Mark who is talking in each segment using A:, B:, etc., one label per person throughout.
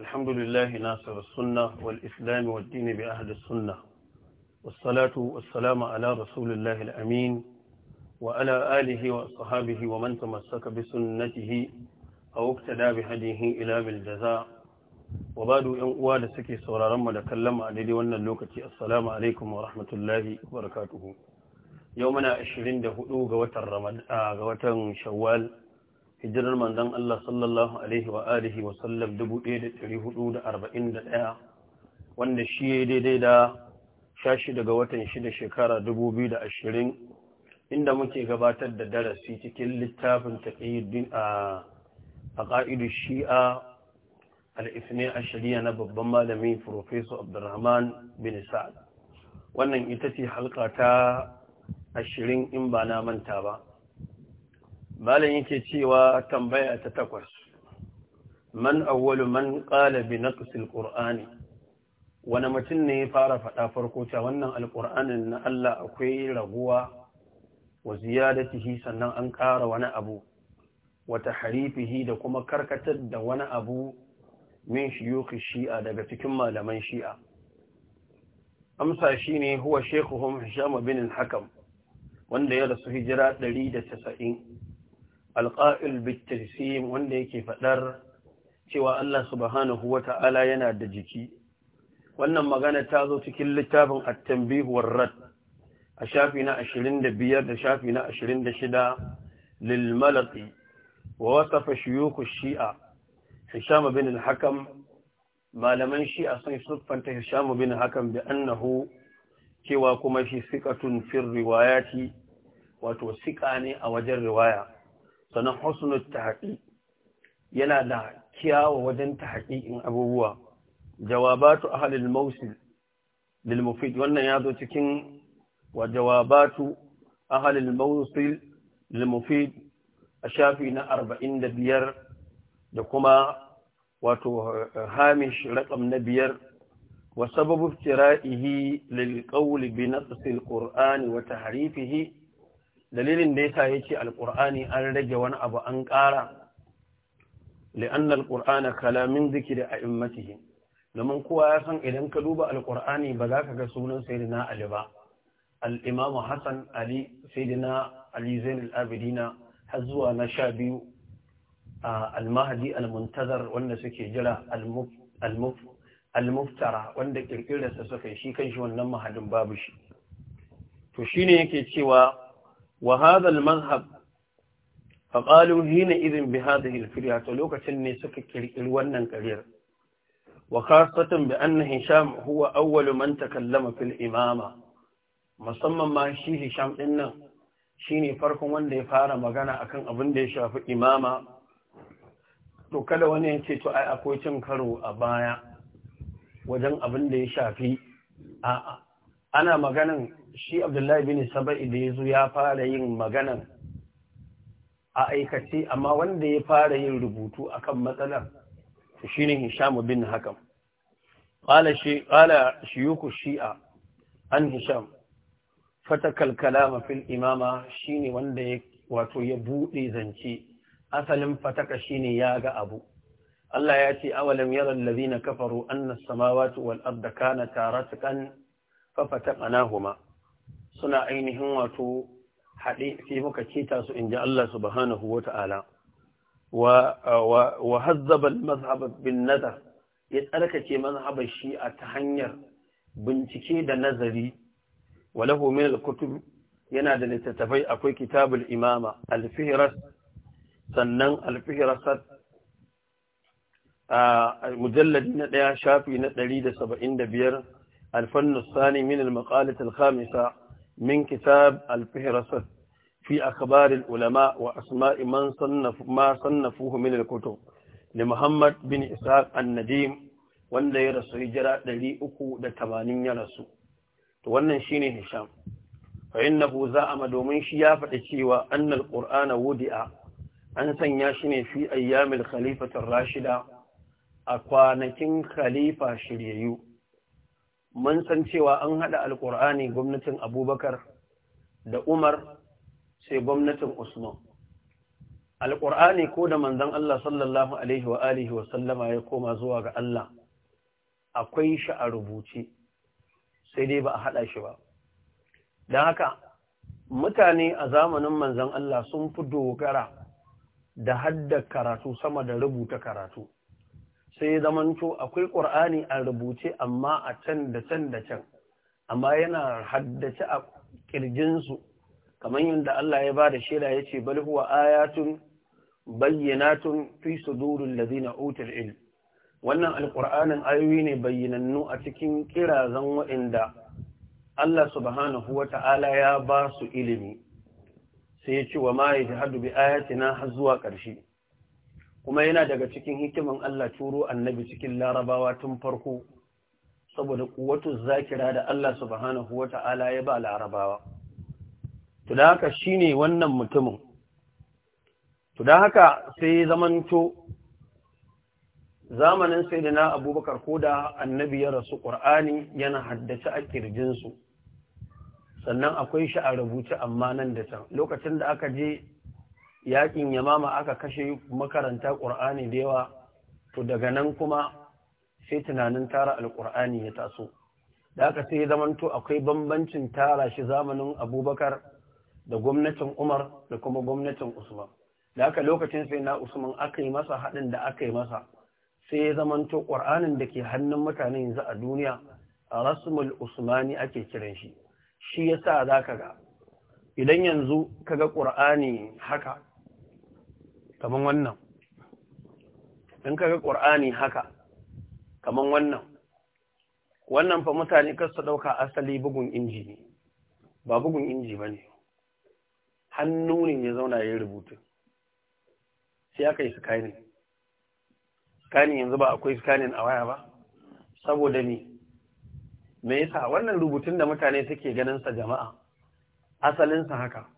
A: الحمد لله ناصر السنة والإسلام والدين بأهل السنة والصلاة والسلام على رسول الله الأمين وعلى آله وصحابه ومن تمسك بسنته أو اقتدى بهديه إلى بالجزاء وبعد أن سكي صورا رمى لكلم عددي وأن اللوكة السلام عليكم ورحمة الله وبركاته يومنا 24 ga watan Ramadan ga watan Shawwal hijirar manzon Allah sallallahu alaihi wa alihi wa sallam 1441 wanda shi ya daidai da shashi daga watan shida shekara 2020 inda muke gabatar da darasi cikin littafin taqiyuddin a ƙa'idu shi'a al a shari'a na babban malami professor Abdulrahman bin Sa'ad wannan ita ce halka ta ashirin in ba na manta ba malam yake cewa tambaya ta takwas man awwalu man qala bi naqsil qur'ani wani mutum ne ya fara faɗa farko ta wannan alƙur'anin na Allah akwai raguwa wa ziyadatihi sannan an ƙara wani abu wa harifihi da kuma karkatar da wani abu min shiyuki shi'a daga cikin malaman shi'a amsa shi ne huwa shekuhun hisham binin hakam wanda ya rasu hijira 190 alƙa'il bittisiyin wanda yake faɗar cewa Allah subhanahu wa ta'ala yana da jiki wannan magana ta zo cikin littafin attambihuwar rat a shafi na 25 da shafi na 26 lil wa wasafa shi'a hisham bin al-hakam malaman shi'a sun siffanta hisham bin al-hakam bi annahu cewa kuma shi siqatun fi riwayati wato siqa ne a wajen riwaya sannan husnul tahqiq yana da kyawu wajen tahqiqin abubuwa jawabatu ahli al-mawsil lil mufid wannan zo cikin wa jawabatu ahli al-mawsil lil mufid a shafi na 45 da kuma wato hamish raqam na biyar wa sababu iftira'ihi lil qawli bi naqsi al-qur'ani wa tahrifihi dalilin da yasa yace alqur'ani an rage wani abu an ƙara li'anna alqur'ana kalamin zikri a'immatihi domin kowa ya san idan ka duba alqur'ani ba za ka ga sunan sayyidina ali ba al Hassan hasan ali sayyidina ali zainul abidina har zuwa na sha biyu al-mahdi al-muntazar wanda suke jira al-muftara wanda kirkirarsa suka yi shi kan shi wannan mahadin babu shi to shine yake cewa وهذا المذهب irin biha da الفريات lokacin ne suka ƙirƙiri wannan ƙaryar وخاصة بأن هشام هو أول من تكلم في الإمامة musamman ma shi Hisham din nan shine farkon wanda ya fara magana akan abin da ya shafi imama to kada wani ya ce to ai akwai cin karo a baya wajen abin da ya shafi a'a ana maganan shi abdullahi bin saba'i da ya zo ya fara yin maganan a aikace amma wanda ya fara yin rubutu akan matsalar shi ne hisham bin hakam ƙala shiyuku shi'a an hisham fatakal kalama fil imama shi ne wanda ya wato ya buɗe zance asalin fataka shi ne ya ga abu Allah ya ce awalin yaran lazina kafaru annas samawati wal arda kana taratukan ففتقناهما suna ainihin wato haɗe sai muka keta su in ji Allah subhanahu wa ta'ala wa hazzabar mazhabar bin nazar ya tsarkake mazhabar shi a ta hanyar bincike da nazari walahu min al-kutub yana da littattafai akwai kitabul imama al-fihras sannan al-fihrasat a mujalladi na ɗaya shafi na ɗari da saba'in da biyar الفن الثاني من المقالة الخامسة من كتاب الفهرسة في أخبار العلماء وأسماء من صنف ما صنفوه من الكتب لمحمد بن إسحاق النديم wanda ya rasu hijira ɗari uku da tamanin ya rasu to wannan shine hisham fa innahu za'ama domin shi ya faɗi cewa annal qur'ana wudi'a an sanya shi ne fi ayyamil khalifatir rashida a kwanakin khalifa shiryayyu mun san cewa an haɗa alƙur'ani gwamnatin abubakar da umar sai gwamnatin usman alƙur'ani ko da manzan Allah sallallahu alaihi wa alihi wa sallama ya koma zuwa ga Allah akwai shi a rubuce sai dai ba a haɗa shi ba don haka mutane a zamanin manzan Allah sun fi dogara da hadda karatu sama da rubuta karatu sai zaman to akwai ƙur'ani a rubuce amma a can da can da can amma yana haddace a ƙirjinsu kamar yadda Allah ya ba da shaida ya ce bal huwa ayatun tun fi sudurul ladina utul ilm wannan alqur'anin ayoyi ne bayyanannu a cikin kirazan waɗanda Allah subhanahu wata'ala ya ba su ilimi sai ya ce wa ma yajhadu bi ayatina har zuwa ƙarshe kuma yana daga cikin hikiman Allah turo annabi cikin larabawa tun farko saboda kuwatu zakira da Allah subhanahu wa ta'ala ya ba larabawa. Tuda haka shi ne wannan mutumin, tuda haka sai zamanto zamanin sai da na abubakar ko da annabi ya rasu ƙur'ani yana haddace a ƙirjinsu, sannan akwai shi a rubuce amma nan da can lokacin da aka je yakin yamama aka kashe makaranta ƙur'ani da yawa to daga nan kuma sai tunanin tara alƙur'ani ya taso da aka sai zamanto akwai bambancin tara shi zamanin abubakar da gwamnatin umar da kuma gwamnatin usman da aka lokacin sai na usman aka yi masa haɗin da aka yi masa sai ya zamanto ƙur'anin da ke hannun mutane yanzu a duniya a rasmul usmani ake kiran shi shi yasa za ka ga idan yanzu ka ga ƙur'ani haka kaman wannan in kaga qur'ani haka kaman wannan wannan fa mutane kasta su dauka asali bugun inji ne ba bugun inji bane hannu ne ya zauna ya rubutu sai aka yi scanning scanning yanzu ba akwai scanning a waya ba saboda ni me yasa wannan rubutun da mutane suke ganin sa jama'a asalinsa haka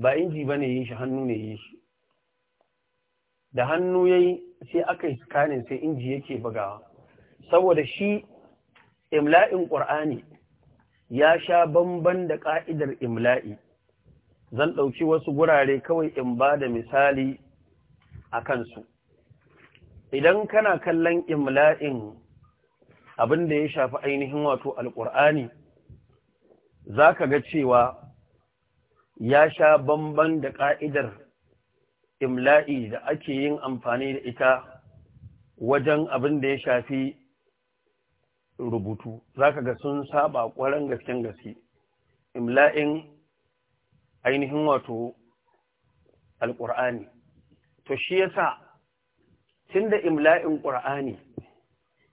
A: ba inji ba ne yi shi hannu ne yi shi da hannu yi, sai aka yi sai inji yake bugawa saboda shi imla'in ƙur'ani ya sha bamban da ƙa'idar imla'i zan ɗauki wasu gurare kawai in ba da misali a kansu idan kana kallon imla'in abin da ya shafi ainihin wato alƙur'ani za ka ga cewa ya sha bamban da ƙa'idar imla'i da ake yin amfani da ita wajen abin da ya shafi rubutu za ka ga sun saba ƙwarar gasken gaske imla'in ainihin wato alƙur'ani to shi yasa tun da imla'in ƙur'ani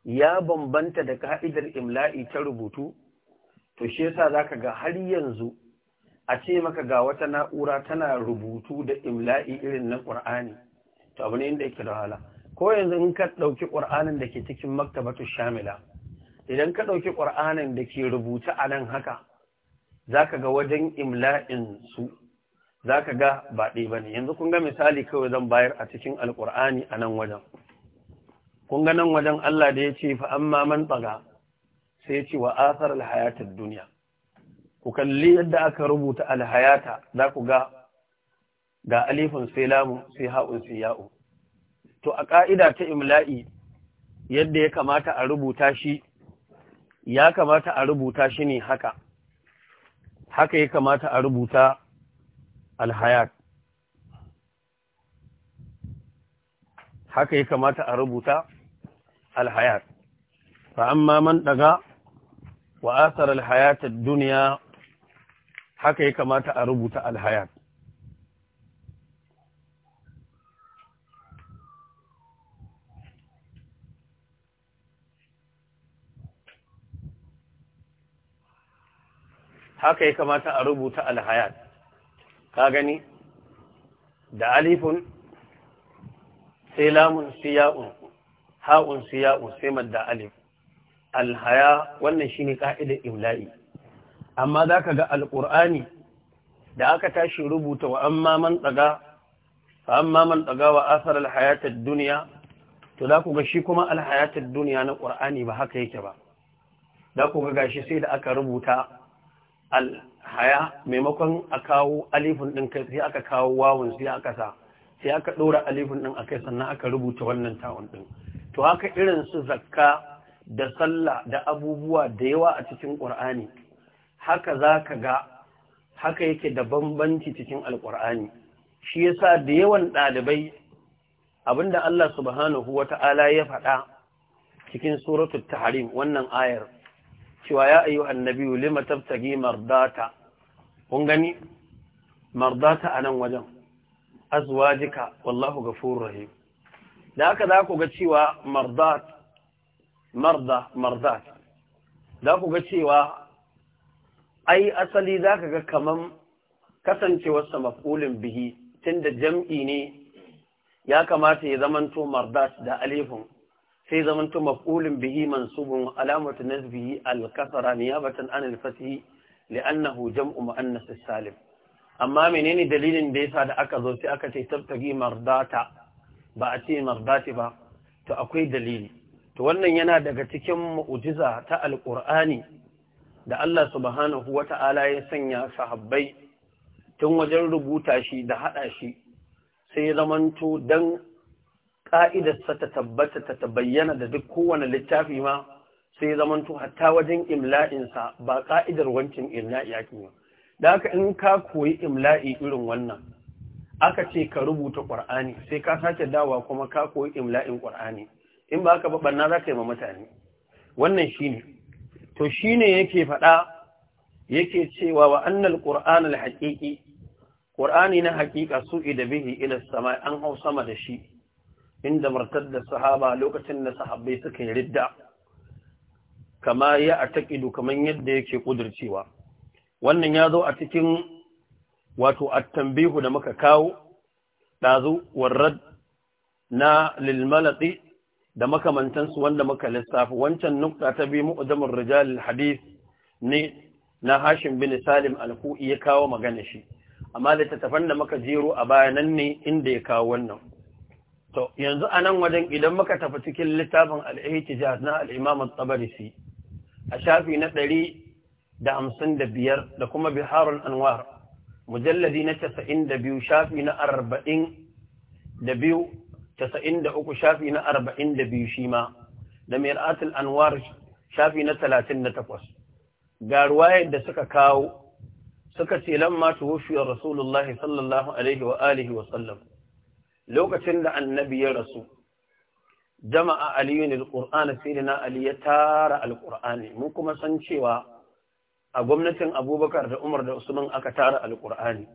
A: ya bambanta da ka'idar imla'i ta rubutu to shi yasa za ka ga har yanzu a ce maka ga wata na'ura tana rubutu da imla'i irin na ƙur'ani to abu ne inda yake da wahala ko yanzu in ka ɗauki ƙur'anin da ke cikin maktabatu shamila idan ka ɗauki ƙur'anin da ke rubuta a nan haka za ka ga wajen imla'in su za ka ga ba ɗaya ba ne yanzu kun ga misali kawai zan bayar a cikin alƙur'ani a nan wajen kun ga nan wajen Allah da ya ce fa amma man tsaga sai ya ce wa asar duniya ku kalli yadda aka rubuta alhayata za ku ga ga alifin sai lamun sai ha'un sai ya'u to a ƙa'ida ta imla'i yadda ya kamata a rubuta shi ya kamata a rubuta shi ne haka haka ya kamata a rubuta alhayat haka ya kamata a rubuta alhayat fa amma man daga wa asar duniya. ad-dunya haka ya kamata a rubuta alhayat haka ya kamata a rubuta alhayat ka gani da alifun sai lamun siya'un ha'un siya'un sai madda alif alhaya wannan shi ne ka'idar imla'i amma za ka ga alƙur'ani da aka tashi rubuta wa an maman tsaga maman tsaga wa asar alhayatar duniya to za ku ga shi kuma alhayatar duniya na ƙur'ani ba haka yake ba za ku ga gashi sai da aka rubuta alhaya maimakon a kawo alifin ɗin kai sai aka kawo wawun sai aka sa sai aka ɗora alifin ɗin a kai sannan aka rubuta wannan tawon ɗin to haka irin su zakka da sallah da abubuwa da yawa a cikin ƙur'ani haka za ka ga haka yake da bambanci cikin alƙur'ani shi yasa da yawan ɗalibai abinda Allah subhanahu wata'ala ya faɗa cikin suratul tahrim wannan ayar cewa ya ayyu annabi lima tabtagi mardata kun gani mardata anan wajen azwajika wallahu ghafurur rahim da haka za ku ga cewa mardat marda za ku ga cewa ai asali za ka ga kaman kasancewarsa maf'ulin bihi tunda jam'i ne ya kamata ya zamanto mardas da alefin sai zamanto maf'ulin bihi mansubun alamatu nasbihi al-kasra niyabatan an al li'annahu jam'u muannas salim amma menene dalilin da yasa da aka zo sai aka ce tabtagi mardata ba a ce mardati ba to akwai dalili to wannan yana daga cikin mu'jiza ta alqur'ani da Allah subhanahu wa ta'ala ya sanya sahabbai tun wajen rubuta shi da haɗa shi sai ya dan don ƙa'idarsa ta tabbata ta tabayyana da duk kowane littafi ma sai ya zamanto hatta wajen imla'insa ba ƙa'idar wancan imla'i yaki ba. Da haka in ka koyi imla'i irin wannan, aka ce ka rubuta ƙwar'ani sai ka sace dawa kuma ka koyi imla'in ƙwar'ani, in ba ka ba baɓanna za ka yi ma mutane. Wannan shi ne. to shine yake faɗa yake cewa wa annal qur'an al haqiqi qur'ani na haƙiƙa su ida bihi ila sama an hau sama da shi inda da sahaba lokacin da sahabbai suka yi ridda kama ya ataqidu kaman yadda yake ƙudurcewa. wannan ya zo a cikin wato at-tanbihu da muka kawo dazu warrad na lil da makamantansu wanda muka lissafi wancan nukta ta bi mu'jamur rijalil hadith ne na Hashim bin Salim al ya kawo magana shi amma littattafan da muka jero a bayanan ne inda ya kawo wannan to yanzu a nan wajen idan muka tafi cikin littafin al na al-Imam tabarisi a shafi na ɗari da hamsin da biyar da kuma Biharul Anwar mujalladi na casa'in da biyu shafi na arba'in da biyu uku shafi na biyu shi ma da mir'atul anwar shafi na 38 ga ruwayar da suka kawo suka ce lamma tuwfiyar rasulullah sallallahu alaihi wa alihi wa sallam lokacin da annabi ya rasu jama'a aliyun alqur'ana sayyidina ali ya tara alqur'ani mun kuma san cewa a gwamnatin abubakar da umar da usman aka tara alqur'ani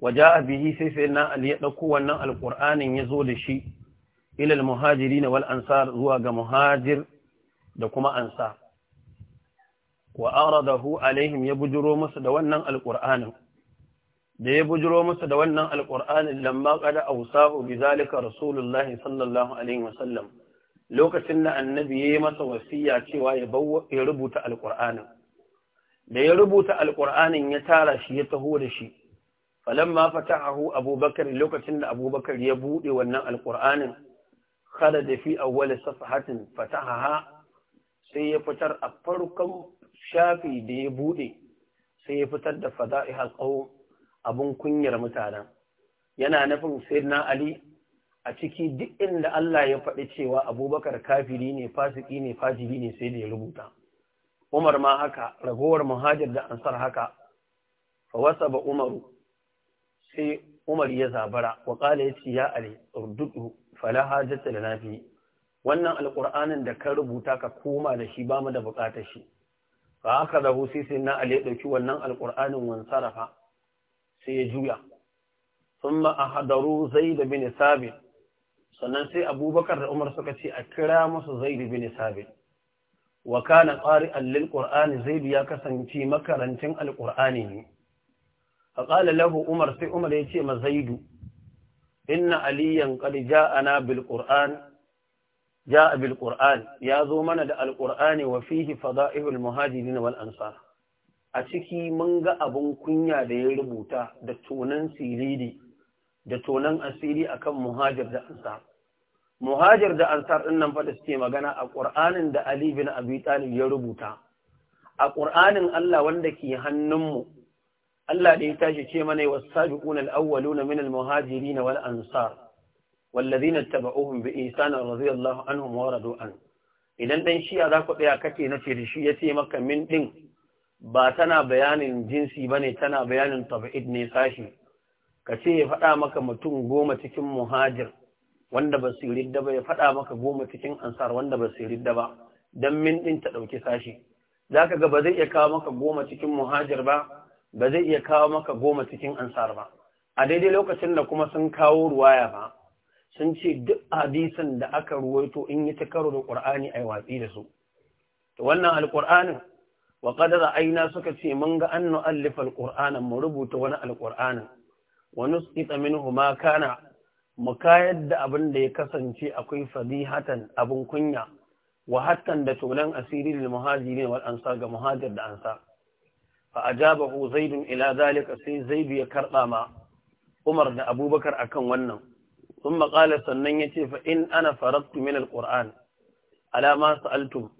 A: waja bihi sai sai na ali ya ɗauko wannan alƙur'anin ya zo da shi ilal muhajiri na wal ansar zuwa ga muhajir da kuma ansa wa hu alaihim ya bujuro musu da wannan alƙur'anin da ya bujiro musu da wannan alƙur'anin lamma qada awsahu zalika rasulullahi sallallahu alaihi wasallam lokacin da annabi yayi masa wasiya cewa ya ya rubuta alƙur'anin da ya rubuta alƙur'anin ya tara shi ya taho da shi falamma fata'ahu abubakar lokacin da abubakar ya bude wannan alqur'anin da fi awwal safahatin fataha sai ya fitar a farkon shafi da ya bude sai ya fitar da fadaiha qawm abun kunyar mutanen yana nufin sayyidina ali a ciki duk inda Allah ya faɗi cewa abubakar kafiri ne fasiki ne fajiri ne sai da ya rubuta umar ma haka ragowar muhajir da ansar haka fa wasa ba umaru sai Umar ya zabara wa ya yace ya Ali urdudu fala hajata lana fi wannan alqur'anin da ka rubuta ka koma da shi ba mu da bukatar shi fa aka da sai na Ali ya dauki wannan alqur'anin sarafa sai ya juya ثم أحضروا zaid bin sabit sannan sai abubakar da umar suka ce a kira musu zaid bin sabit wa kana qari'an lil qur'ani ya kasance makarancin alqur'ani ne A faƙala lahu umar sai umar ya ce mazaidu inna aliyan ƙari ja ana ja a bilƙur'an ya zo mana da alƙur'ani wa fihi fada'ihul muhajiri na wal'ansa a ciki mun ga abin kunya da ya rubuta da tonan da tonan asiri akan kan muhajir da ansa muhajir da ansa ɗin nan faɗa suke magana a ƙur'anin da ali bin abi talib ya rubuta a ƙur'anin allah wanda ke hannunmu Allah da ya tashi ce mana was-sabiquna al-awwaluna min al-muhajirin wal ansar والذين اتبعوهم بإحسان رضي الله عنهم ورضوا do'an. idan ɗan shiya za ku tsaya kake na da shi ya ce maka min ba tana bayanin jinsi ba ne tana bayanin tabi'id ne sashi ka ce ya faɗa maka mutum goma cikin muhajir wanda ba su ridda ba ya faɗa maka goma cikin ansar wanda ba su ridda ba don min ta ɗauki sashi za ka ga ba zai iya kawo maka goma cikin muhajir ba ba zai iya kawo maka goma cikin ansar ba a daidai lokacin da kuma sun kawo ruwaya ba sun ce duk hadisin da aka ruwaito in yi ta karo da ƙur'ani a watsi da su wannan alƙur'anin wa ƙadara aina suka ce mun ga an nu'allifa alƙur'anin mu rubuta wani alƙur'anin wani su ita min huma kana mu kayar da abin da ya kasance akwai fadihatan abin kunya wa hattan da tunan asirin lil muhajirin wal ansar ga muhajir da ansa? fa ajabahu zaidun ila zalika sai zaidu ya karba ma umar da abubakar akan wannan sun maƙala sannan ya ce fa in ana faraktu min alƙur'an alama sa'altum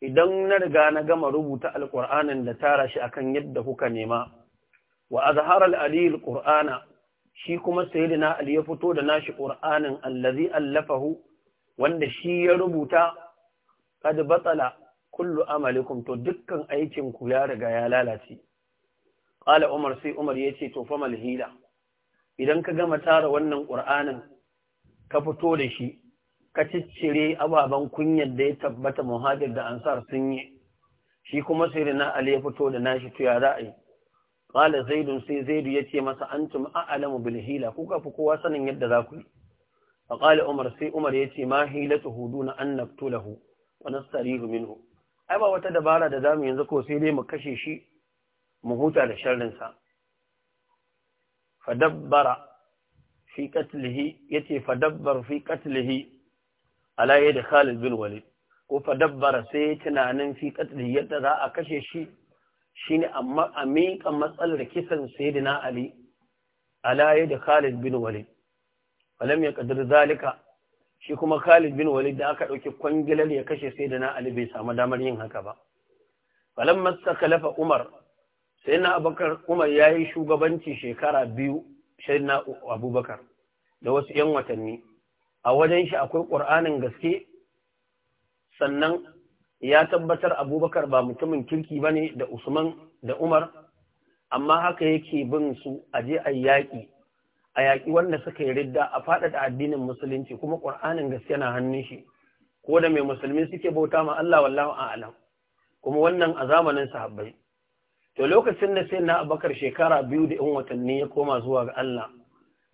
A: idan na riga na gama rubuta alƙur'anin da tara shi akan yadda kuka nema wa azhar al shi kuma sayyidina ali ya fito da nashi qur'anin allazi allafahu wanda shi ya rubuta kad batala kullu amalikum to dukkan aikin ku ya riga ya lalace qala umar sai umar yace to fa mal hila idan ka gama tara wannan qur'anin ka fito da shi ka ciccire ababen kunyar da ya tabbata muhajir da ansar sun yi shi kuma sirina ali ya fito da nashi to ya yi qala zaidun sai zaidu yace masa antum a'lamu bil hila kuka fi kowa sanin yadda za ku yi fa qala umar sai umar yace ma hilatu huduna an naqtulahu wa nastarihu minhu ai ba wata dabara da zamu yanzu ko sai dai mu kashe shi mu huta da sharrin sa fadabbara fi qatlihi yace fadabbar fi qatlihi ala yadi Khalid bin Walid ko fadabbara sai tunanin fi qatlihi yadda za a kashe shi shine amma a miƙa matsalar kisan sayyidina Ali ala yadi Khalid bin Walid walam yaqdir zalika shi kuma Khalid bin Walid da aka ɗauki kwangilar ya kashe sai da na Ali bai samu damar yin haka ba. Falan mastakalafa Umar, sai na Abubakar Umar ya yi shugabanci shekara biyu sai na Abubakar da wasu ‘yan watanni. A wajen shi akwai ƙur'anin gaske, sannan ya tabbatar Abubakar ba mutumin kirki ba ne da Usman da Umar, amma haka yake bin su aje a yaƙi a yaƙi wanda suka yi ridda a faɗaɗa addinin musulunci kuma ƙur'anin gaske na hannun shi ko da mai musulmi suke bauta ma Allah wallahu a'lam kuma wannan a zamanin sahabbai to lokacin da sai na abakar shekara biyu da yan watanni ya koma zuwa ga Allah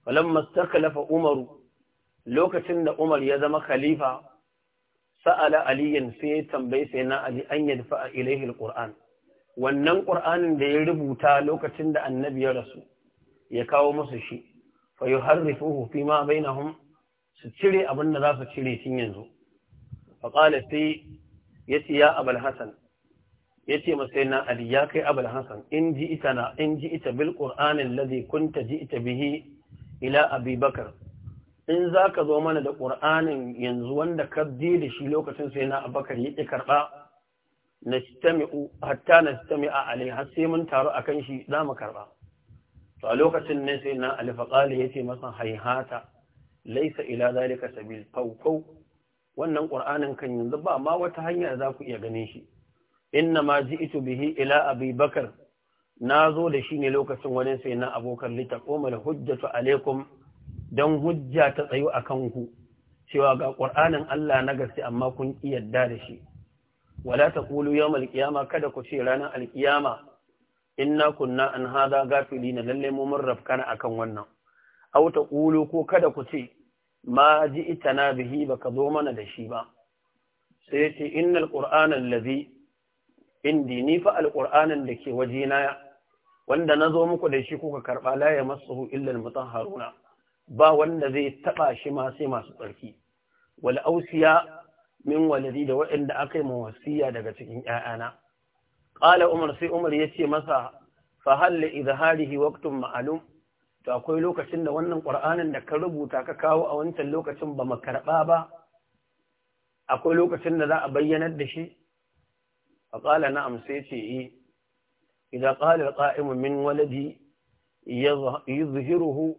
A: falamma stakalafa umaru lokacin da umar ya zama khalifa sa'ala aliyan sai ya tambaye sai na ali an yadfa ilaihi alquran wannan qur'anin da ya rubuta lokacin da annabi ya rasu ya kawo musu shi fa yuharrifuhu fi ma bainahum su cire abin da za su cire tun yanzu fa qala yace ya abul hasan ali ya kai abul hasan in ji ita na in ji ita kunta ji ita bihi ila Abibakar. bakar in zaka zo mana da qur'anin yanzu wanda ka ji da shi lokacin sai na abakar yake karba nastami'u hatta nastami'a alai har sai mun taru a kan shi za mu karɓa. to a lokacin ne sai na alfaqali yace masa haihata laisa ila zalika sabil fawqaw wannan qur'anin kan yanzu ba ma wata hanya za ku iya ganin shi inna ma ji'tu bihi ila abi bakar zo da shi ne lokacin wani sai na abokan lita la hujjatu alaikum dan hujja ta tsayo a kan ku cewa ga qur'anin Allah na gaske amma kun ki yadda da shi wala taqulu yawmal alƙiyama kada ku ce ranar alqiyama inna kunna an hada gafilina lalle mu mun rafkana akan wannan aw ta qulu ko kada ku ce ma na bihi baka zo mana da shi ba sai yace innal qur'ana allazi indi ni fa alqur'anan dake na wanda nazo muku da shi kuka karba la ya masuhu illa almutahharuna ba wanda zai taba shi ma sai masu tsarki wal ausiya min waladi da waɗanda aka yi mawasiya daga cikin ‘ya'yana, ƙala umar sai umar ya ce masa fahalle izaharihi waktun ma'alum to akwai lokacin da wannan ƙur'anin da ka rubuta ka kawo a wancan lokacin ba makarɓa ba akwai lokacin da za a bayyanar da shi a ƙala na'am sai ce yi eh. idan ƙalar ƙa'imu min waladi yuzhiruhu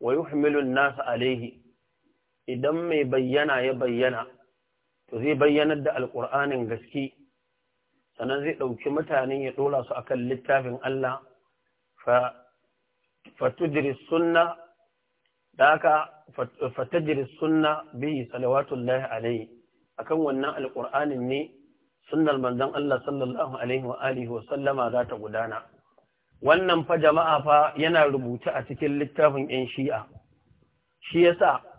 A: wa yuhmilun nasa alaihi idan mai bayyana ya bayyana to zai bayyanar da alƙur'anin gaske sannan zai ɗauki mutane ya ɗora su akan littafin Allah fatujiri sunna da haka bihi salawatullahi wannan alƙur'anin ne sunnar manzon Allah sallallahu alaihi wa wa sallama za ta gudana wannan fa jama'a fa yana rubuta a cikin littafin 'yan shi'a shi yasa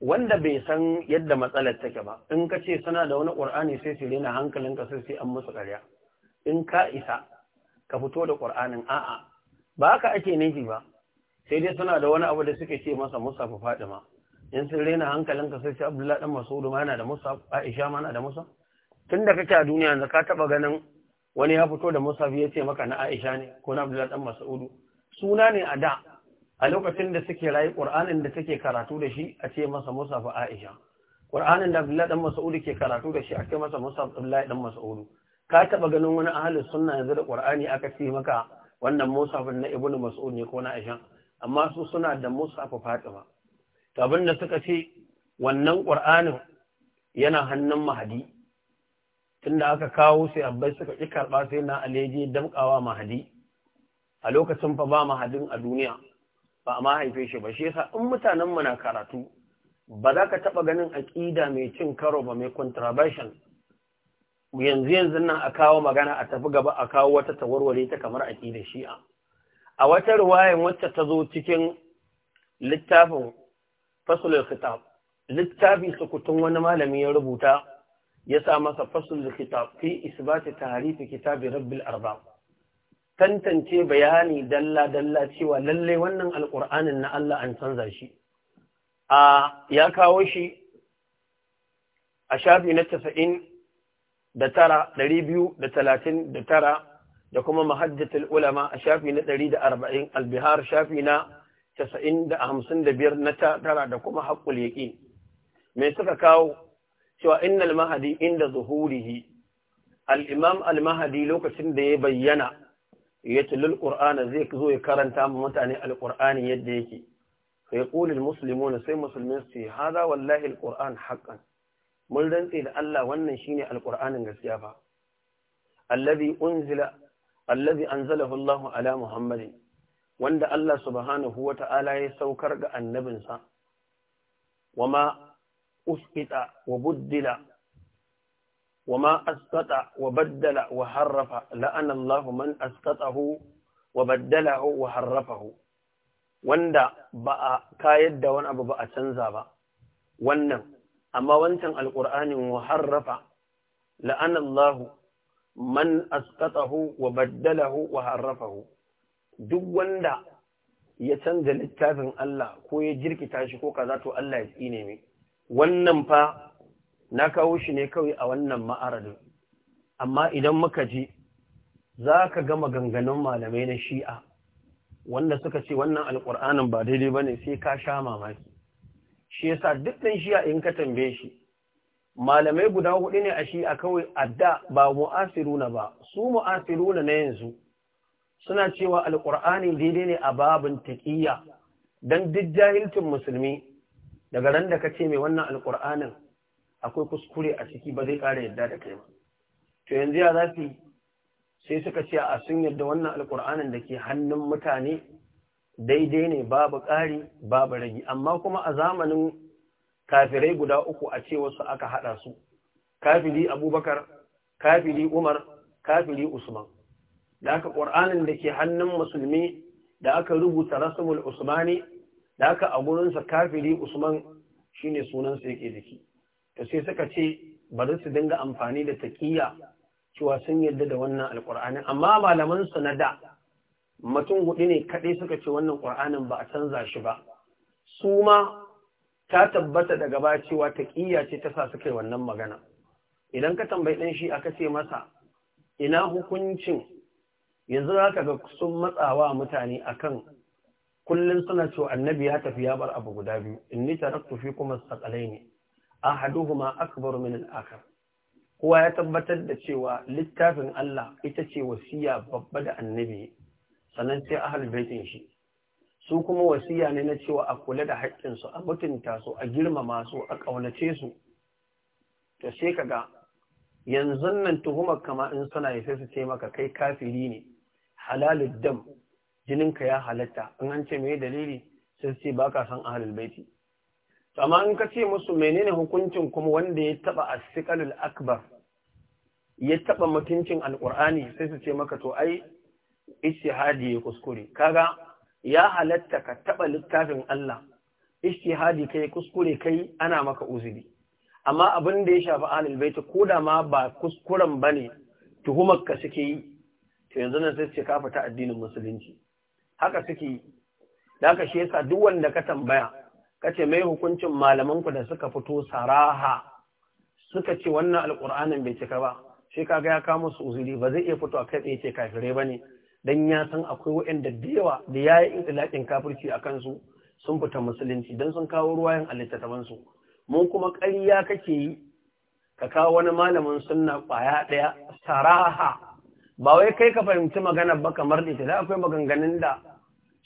A: wanda bai san yadda matsalar take ba in ka ce suna da wani ƙur'ani sai su rena hankalin ka sai an musu ƙarya in ka isa ka fito da ƙur'anin a'a ba ka ake nufi ba sai dai suna da wani abu da suke ce masa musafa fadima in sun rena hankalin ka sai sai abdullahi dan masudu ma yana da Musa? aisha ma yana da Musa? tun da kake a duniya yanzu ka taba ganin wani ya fito da Musa ya ce maka na aisha ne ko na abdullahi dan masudu suna ne a da a lokacin da suke rayu ƙur'anin da take karatu da shi a ce masa fa aisha ƙur'anin da abdullahi dan mas'ud ke karatu da shi a ce masa Musa abdullahi dan mas'ud ka taba ganin wani ahlus sunna yanzu da ƙur'ani aka ce maka wannan Musa na ibnu mas'ud ne ko na aisha amma su suna da fa fatima to abin da suka ce wannan ƙur'anin yana hannun mahadi tunda aka kawo sai abbai suka ki karba sai na Aliye damƙawa mahadi a lokacin fa ba mahadin a duniya ba a ma shi ba shi in mutanen mu na karatu ba za ka taɓa ganin aƙida mai cin karo ba mai contravention yanzu yanzu nan a kawo magana a tafi gaba a kawo wata tawarware ta kamar aƙida shi'a a wata ruwayan wacce ta zo cikin littafin fasulun kitab littafi sukutun wani malami ya rubuta ya sa masa fasulun kitab fi isbati tahrifi kitabi rabbil arbab tantance bayani dalla-dalla cewa lalle wannan alƙur'anin na Allah an canza shi. A ya kawo shi a shafi na tasa'in da tara, ɗari biyu da talatin da tara da kuma mahajjatul ulama a shafi na ɗari da arba'in albihar shafi na tasa'in da hamsin da biyar na tara da kuma haƙƙul yaƙi. Me suka kawo cewa innal mahadi inda zuhurihi al al-mahadi lokacin da ya bayyana ya tulul zai zo ya karanta mu mutane alƙur'ani yadda yake sai qulul muslimun sai musulmi su hada wallahi alqur'an haƙƙan. mun rantse da Allah wannan shine Alƙur'anin gaskiya fa alladhi unzila alladhi Allah ala muhammadin wanda Allah subhanahu wata'ala ya saukar ga annabinsa ma uskita wa buddila وما أسقط وبدل وحرف لأن الله من أسقطه وبدله وحرفه wanda ba a kayar da wani abu ba a canza ba wannan amma wancan alƙur'anin wa harrafa la'anallahu man asqatahu wa baddalahu wa harrafahu duk wanda ya canza littafin Allah ko ya jirkita shi ko kaza to Allah ya tsine mai wannan fa na kawo shi ne kawai a wannan ma'aradin amma idan muka ji za ka gama ganganun malamai na shi'a wanda suka ce wannan alƙur'anin ba daidai ba ne sai ka sha mamaki shi yasa duk ɗan shi'a in ka tambaye shi malamai guda hudu ne a shi'a kawai a da ba mu'asiruna ba su mu'asiruna na yanzu suna cewa alƙur'ani daidai ne a babin taƙiyya don duk jahilcin musulmi daga ran da ka ce mai wannan alƙur'anin akwai kuskure a ciki ba zai ƙara yadda da kai ba to yanzu ya zafi sai suka ce a sun yadda wannan alƙur'anin da ke hannun mutane daidai ne babu ƙari babu ragi amma kuma a zamanin kafirai guda uku a ce wasu aka haɗa su kafiri abubakar kafiri umar kafiri usman da aka ƙur'anin da ke hannun musulmi da aka rubuta rasmul usmani da aka a gurinsa kafiri usman shine sunansa yake jiki to sai suka ce bari su dinga amfani da taƙiyya cewa sun yarda da wannan alƙur'anin amma malaman su na da mutum hudu ne kaɗai suka ce wannan ƙur'anin ba a canza shi ba su ma ta tabbata daga ba cewa taƙiyya ce ta sa su kai wannan magana idan ka tambayi ɗan shi aka ce masa ina hukuncin yanzu za ka ga sun matsawa mutane akan kullum suna cewa annabi ya tafi ya bar abu guda biyu inni taraktu fi kuma sakalai ne ahaduhuma akbar min al-akhar kowa ya tabbatar da cewa littafin Allah ita ce wasiya babba da annabi sanan sai ahal baitin shi su kuma wasiya ne na cewa a kula da su, a mutunta su a girmama su a ƙaunace su to sai kaga yanzu nan tuhumar kama in suna yi sai su ce maka kai kafiri ne halalud dam jininka ya halatta in an ce me dalili sai su ce baka san ahlul baiti amma in ka ce musu menene hukuncin kuma wanda ya taba asikalul akbar ya taba mutuncin alqur'ani sai su ce maka to ai ijtihadi ya kuskure kaga ya halatta ka taba littafin Allah ijtihadi kai kuskure kai ana maka uzuri amma abin da ya shafi ahlul bait ko da ma ba kuskuren bane tuhumar ka suke yi to yanzu nan sai ce ka fita addinin musulunci haka suke yi da ka shi yasa duk wanda ka tambaya kace mai hukuncin malamanku da suka fito saraha suka ce wannan alqur'anin bai cika ba shi kaga ya kama su uzuri ba zai iya fito a kai tsaye ce ba bane dan ya san akwai waɗanda da yawa da yayi intilaƙin kafirci a kansu sun fita musulunci dan sun kawo ruwayan alittatawan su mun kuma ƙarya kake yi ka kawo wani malamin sunna ƙwaya ɗaya saraha ba wai kai ka fahimci magana ba ka marɗe ta da akwai maganganun da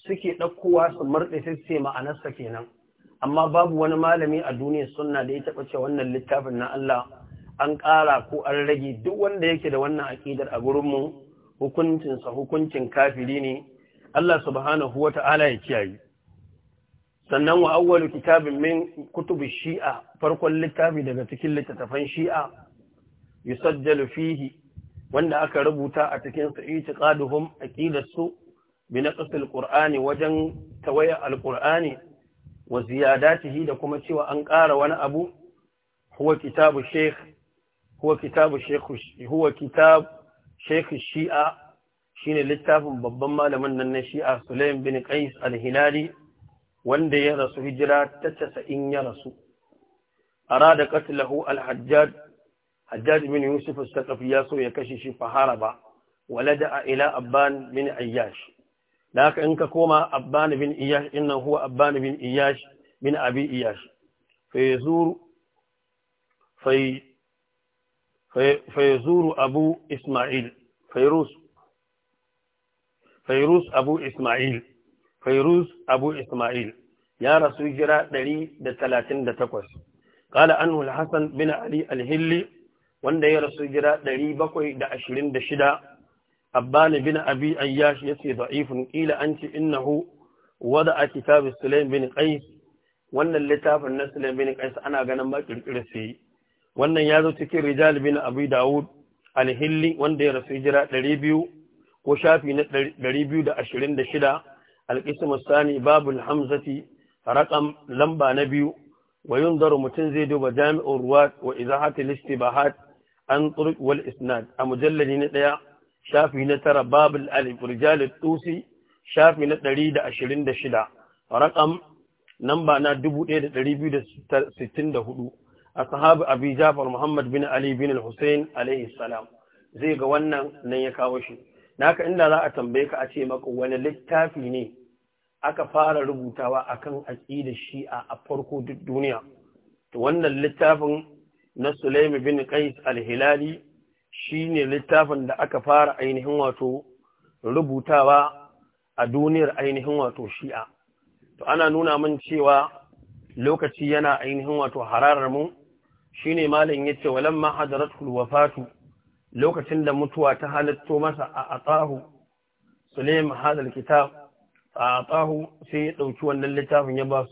A: suke ɗaukowa su marɗe ta ce ma'anarsa kenan amma babu wani malami a duniyar sunna da ya taɓa ce wannan littafin na Allah an ƙara ko an rage duk wanda yake da wannan aƙidar a gurinmu hukuncinsa hukuncin kafiri ne Allah subhanahu wa ta'ala ya kiyaye sannan wa awwalu kitabin min kutubi shi'a farkon littafi daga cikin littattafan shi'a yusajjalu fihi wanda aka rubuta a cikin sa itiqaduhum aqidatu bi naqsil qur'ani wajen tawaya alqur'ani wa ziyadatihi da kuma cewa an ƙara wani abu huwa kitabu sheikh huwa kitabu sheikh huwa kitab sheikh shi'a shine littafin babban malamin nan na shi'a Sulaim bin Qais al-Hilali wanda ya rasu hijira ta 90 ya rasu arada da al-Hajjaj Hajjaj bin Yusuf al-Saqafi ya so ya kashe shi faharaba haraba walada ila Abban bin Ayyash da haka in ka koma abbani bin iyash innan huwa abbani bin iyash bin abi iyash fayzuru fay fayzuru abu isma'il fayrus fayrus abu isma'il fayrus abu isma'il ya rasu jira 138 qala anhu al-hasan bin ali al-hilli wanda ya rasu jira 726 abbani bin abi ayyash yace da'ifun qila anti innahu wada'a kitab sulaim bin qais wannan littafin na sulaim bin qais ana ganin ma kirkirar sai wannan ya zo cikin rijal bin abi daud al-hilli wanda ya rasu jira 200 ko shafi na 226 al-qism as-sani babul hamzati raqam lamba na biyu zai وينظر متنزيد وجامع an وإذاحة الاشتباهات عن a mujalladi na ɗaya. shafi na tara Babu al-rijalul tusi shafi na 126 raqam namba na 1264 ashabu abi jafar muhammad bin ali bin husayn alayhi zai ga wannan nan ya kawo shi naka inda za a tambayi ka a ce maka wani littafi ne aka fara rubutawa a akan aqidar shi'a a farko duk duniya to wannan littafin na Sulaimi bin Qais al-Hilali Shi ne littafin da aka fara ainihin wato rubutawa a duniyar ainihin wato shi'a to ana nuna min cewa lokaci yana ainihin wato hararar mu shine malam yace walamma hadaratul wafatu lokacin da mutuwa ta halitto masa a Atsahu sulaim hadar kitab a Atsahu sai ya dauki wannan littafin ya ba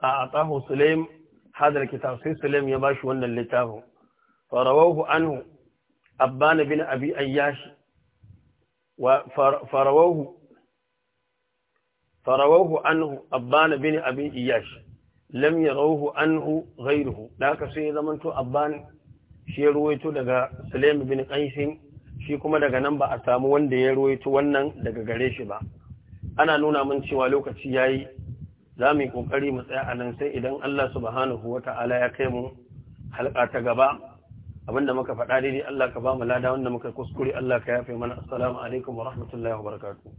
A: a Atsahu sulaim hadar kitab sai sulaim ya bashi wannan littafin farawahu anhu abban bin abi farawahu farawahu anhu abban bin abi ayyash lam yarawhu anhu ghayruhu daka sai zaman to abban shi ruwaito daga sulaim bin qais shi kuma daga nan ba a samu wanda ya ruwaito wannan daga gare shi ba ana nuna min cewa lokaci yayi za mu yi ƙoƙari mu tsaya a nan sai idan Allah subhanahu wa ta'ala ya kai mu halka ta gaba abinda muka faɗa daidai Allah ka ba mu lada wanda muka kuskure Allah ka yafe mana assalamu alaikum wa rahmatullahi wa barakatuh